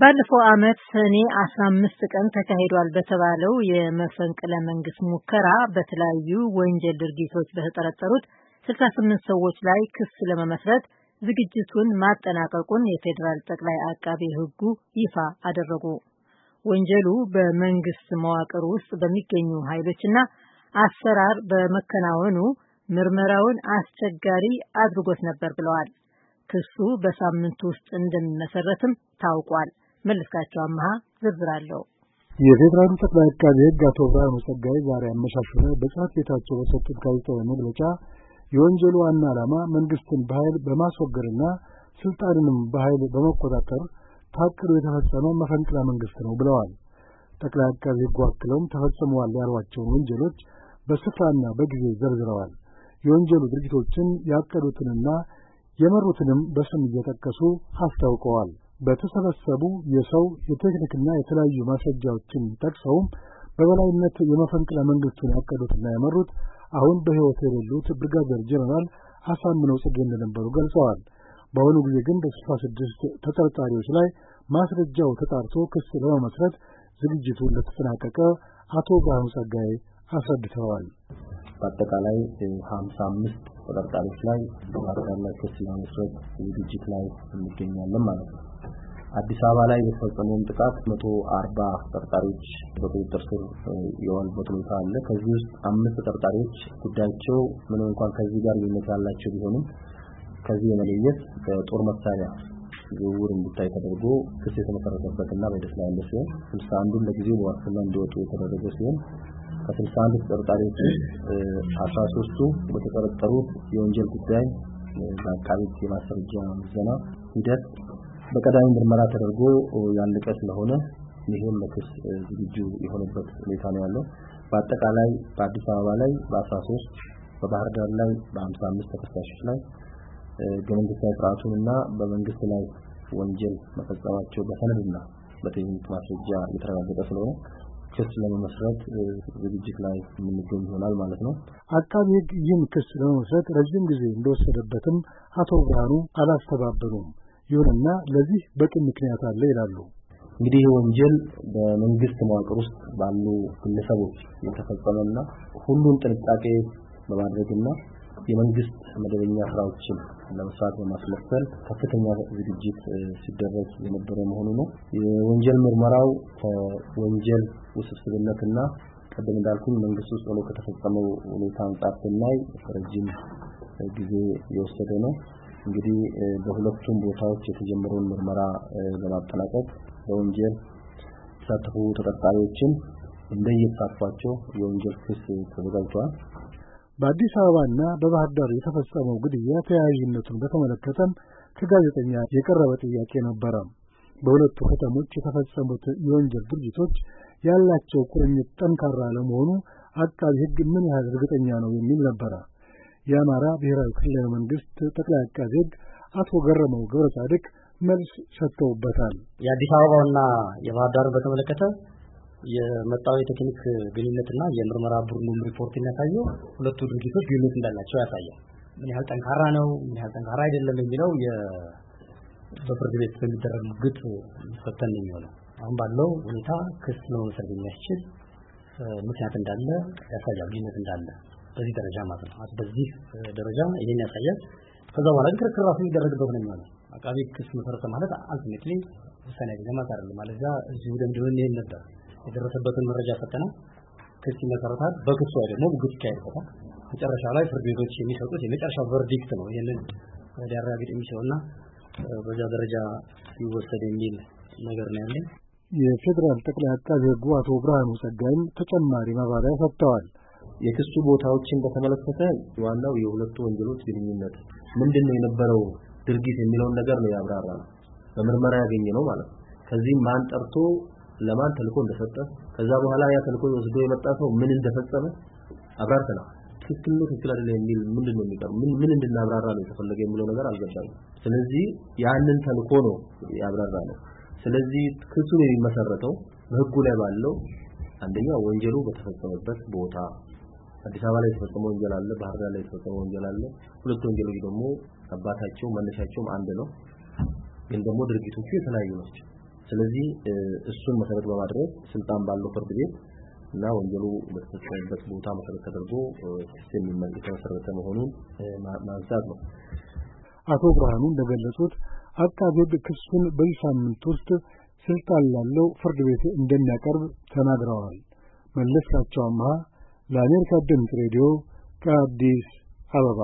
ባለፈው ዓመት ሰኔ 15 ቀን ተካሂዷል በተባለው የመፈንቅለ መንግስት ሙከራ በተለያዩ ወንጀል ድርጊቶች በተጠረጠሩት 68 ሰዎች ላይ ክስ ለመመስረት ዝግጅቱን ማጠናቀቁን የፌዴራል ጠቅላይ አቃቤ ሕጉ ይፋ አደረጉ። ወንጀሉ በመንግስት መዋቅር ውስጥ በሚገኙ ኃይሎችና አሰራር በመከናወኑ ምርመራውን አስቸጋሪ አድርጎት ነበር ብለዋል። ክሱ በሳምንቱ ውስጥ እንደሚመሰረትም ታውቋል። መለስካቸው አመሃ ዝርዝር አለው። የፌዴራሉ ጠቅላይ አቃቤ ሕግ አቶ ብርሃኑ ጸጋይ ዛሬ አመሻሹ ላይ በጽህፈት ቤታቸው በሰጡት ጋዜጣዊ መግለጫ የወንጀሉ ዋና ዓላማ መንግስትን በኃይል በማስወገድና ስልጣንንም በኃይል በመቆጣጠር ታቅዶ የተፈጸመ መፈንቅለ መንግስት ነው ብለዋል። ጠቅላይ አቃቢ ሕጉ አክለውም ተፈጽመዋል ያሏቸውን ወንጀሎች በስፍራና በጊዜ ዘርዝረዋል። የወንጀሉ ድርጊቶችን ያቀዱትንና የመሩትንም በስም እየጠቀሱ አስታውቀዋል። በተሰበሰቡ የሰው የቴክኒክና የተለያዩ ማስረጃዎችን ጠቅሰውም በበላይነት የመፈንቅለ መንግስቱን ያቀዱትና የመሩት አሁን በሕይወት የሌሉት ብርጋዴር ጀነራል አሳምነው ጽጌ እንደነበሩ ገልጸዋል። በአሁኑ ጊዜ ግን በስልሳ ስድስት ተጠርጣሪዎች ላይ ማስረጃው ተጣርቶ ክስ ለመመስረት ዝግጅቱ እንደተጠናቀቀ አቶ ብርሃኑ ጸጋዬ አስረድተዋል። በአጠቃላይ ሀምሳ አምስት ተጠርጣሪዎች ላይ ባህር ዳር ላይ ክስ ለመስረት ዝግጅት ላይ እንገኛለን ማለት ነው። አዲስ አበባ ላይ የተፈጸመውን ጥቃት መቶ አርባ ተጠርጣሪዎች በቁጥጥር ስር የዋሉበት ሁኔታ አለ። ከዚህ ውስጥ አምስት ተጠርጣሪዎች ጉዳያቸው ምንም እንኳን ከዚህ ጋር ግንኙነት ያላቸው ቢሆንም ከዚህ የመለየት በጦር መሳሪያ ዝውውር እንዲታይ ተደርጎ ክስ የተመሰረተበትና በሂደት ላይ ያለ ሲሆን ስልሳ አንዱን ለጊዜው በዋስትና እንዲወጡ የተደረገ ሲሆን ከስልሳ አንድ ተጠርጣሪዎች አስራ ሶስቱ በተጠረጠሩት የወንጀል ጉዳይ በአካባቢ የማስረጃ ምዘና ሂደት በቀዳሚ ምርመራ ተደርጎ ያለቀ ስለሆነ ይህም ለክስ ዝግጁ የሆነበት ሁኔታ ነው ያለው። በአጠቃላይ በአዲስ አበባ ላይ በ13 በባህር ዳር ላይ በ55 ተከሳሾች ላይ ህገ መንግስታዊ ስርዓቱንና በመንግስት ላይ ወንጀል መፈጸማቸው በሰነድና በቴክኒክ ማስረጃ የተረጋገጠ ስለሆነ ክስ ለመመስረት ዝግጅት ላይ የምንገኝ ይሆናል ማለት ነው። አቃቢ ሕግ ይህን ክስ ለመመስረት ረዥም ጊዜ እንደወሰደበትም አቶ ብርሃኑ አላስተባበሉም። ይሁንና ለዚህ በቂ ምክንያት አለ ይላሉ። እንግዲህ ይህ ወንጀል በመንግስት መዋቅር ውስጥ ባሉ ግለሰቦች የተፈጸመና ሁሉን ጥንቃቄ በማድረግና የመንግስት መደበኛ ስራዎችን ለመስራት በማስመሰል ከፍተኛ ዝግጅት ሲደረግ የነበረ መሆኑ ነው። የወንጀል ምርመራው ከወንጀል ውስብስብነትና ቀደም እንዳልኩኝ መንግስት ውስጥ ሆኖ ከተፈጸመው ሁኔታ አንጻር ስናይ ረጅም ጊዜ የወሰደ ነው። እንግዲህ በሁለቱም ቦታዎች የተጀመረውን ምርመራ ለማጠናቀቅ በወንጀል የተሳተፉ ተጠርጣሪዎችን እንደየተሳትፏቸው የወንጀል ክስ ተዘጋጅተዋል። በአዲስ አበባና በባህር ዳር የተፈጸመው ግድያ ተያያዥነቱን በተመለከተም ከጋዜጠኛ የቀረበ ጥያቄ ነበረ። በሁለቱ ከተሞች የተፈጸሙት የወንጀል ድርጊቶች ያላቸው ቁርኝት ጠንካራ ለመሆኑ አቃቢ ሕግ ምን ያህል እርግጠኛ ነው የሚል ነበረ። የአማራ ብሔራዊ ክልላዊ መንግስት ጠቅላይ አቃቢ ሕግ አቶ ገረመው ገብረ ጻድቅ መልስ ሰጥተውበታል። የአዲስ አበባውና የባህር ዳሩን በተመለከተ የመጣው የቴክኒክ ግንኙነትና የምርመራ ቡድኑም ሪፖርት የሚያሳየው ሁለቱ ድርጊቶች ግንኙነት እንዳላቸው ያሳያል። ምን ያህል ጠንካራ ነው፣ ምን ያህል ጠንካራ አይደለም የሚለው በፍርድ ቤት በሚደረግ ግጥ ፈተን የሚሆነው። አሁን ባለው ሁኔታ ክስ ለመመስረት የሚያስችል ምክንያት እንዳለ ያሳያል፣ ግንኙነት እንዳለ በዚህ ደረጃ ማለት ነው። በዚህ ደረጃ ይሄን ያሳያል። ከዛ በኋላ ግን ክርክር ራሱ የሚደረግበት ነው የሚሆነው። አቃቤ ክስ መሰረተ ማለት አልቲሜትሊ ውሳኔ ያገኘ ማለት አይደለም። ማለት እዚሁ ደምድመን ይሄን ነበር የደረሰበትን መረጃ ፈተና ክስ ይመሰረታል። በክሱ ላይ ደግሞ ሙግት መጨረሻ ላይ ፍርድ ቤቶች የሚሰጡት የመጨረሻ ቨርዲክት ነው። ይህንን ሊያረጋግጥ የሚችለውና በዛ ደረጃ ይወሰድ የሚል ነገር ነው ያለኝ። የፌዴራል ጠቅላይ አቃቤ ሕጉ አቶ ብርሃኑ ጸጋይም ተጨማሪ ማብራሪያ ሰጥተዋል። የክሱ ቦታዎችን በተመለከተ ዋናው የሁለቱ ወንጀሎች ግንኙነት ምንድን ነው የነበረው ድርጊት የሚለውን ነገር ነው ያብራራ ነው በምርመራ ያገኘ ነው ማለት ነው። ከዚህም ማን ጠርቶ ለማን ተልኮ እንደሰጠ ከዛ በኋላ ያ ተልኮ ወስዶ የመጣ ሰው ምን እንደፈጸመ አብራርተናል። ትክክል ነው ትክክል አይደለም የሚል ምንድን ነው የሚቀር ምን ምን እንድናብራራ ነው የተፈለገ የሚለው ነገር አልገባኝ። ስለዚህ ያንን ተልኮ ነው ያብራራ ነው። ስለዚህ ክሱ የሚመሰረተው በህጉ ላይ ባለው አንደኛ ወንጀሉ በተፈጸመበት ቦታ አዲስ አበባ ላይ የተፈጸመ ወንጀል አለ፣ ባህር ዳር ላይ የተፈጸመ ወንጀል አለ። ሁለት ወንጀሎች ደግሞ አባታቸው መነሻቸውም አንድ ነው፣ ግን ደግሞ ድርጊቶቹ የተለያዩ ናቸው። ስለዚህ እሱን መሰረት በማድረግ ስልጣን ባለው ፍርድ ቤት እና ወንጀሉ በተፈጸመበት ቦታ መሰረት ተደርጎ ሲስተም የተመሰረተ መሆኑን ማንሳት ነው። አቶ ብርሃኑ እንደገለጹት አቃቤ ሕግ ክሱን በዚህ ሳምንት ውስጥ ስልጣን ላለው ፍርድ ቤት እንደሚያቀርብ ተናግረዋል። መለስካቸው አምሃ ለአሜሪካ ድምፅ ሬዲዮ ከአዲስ አበባ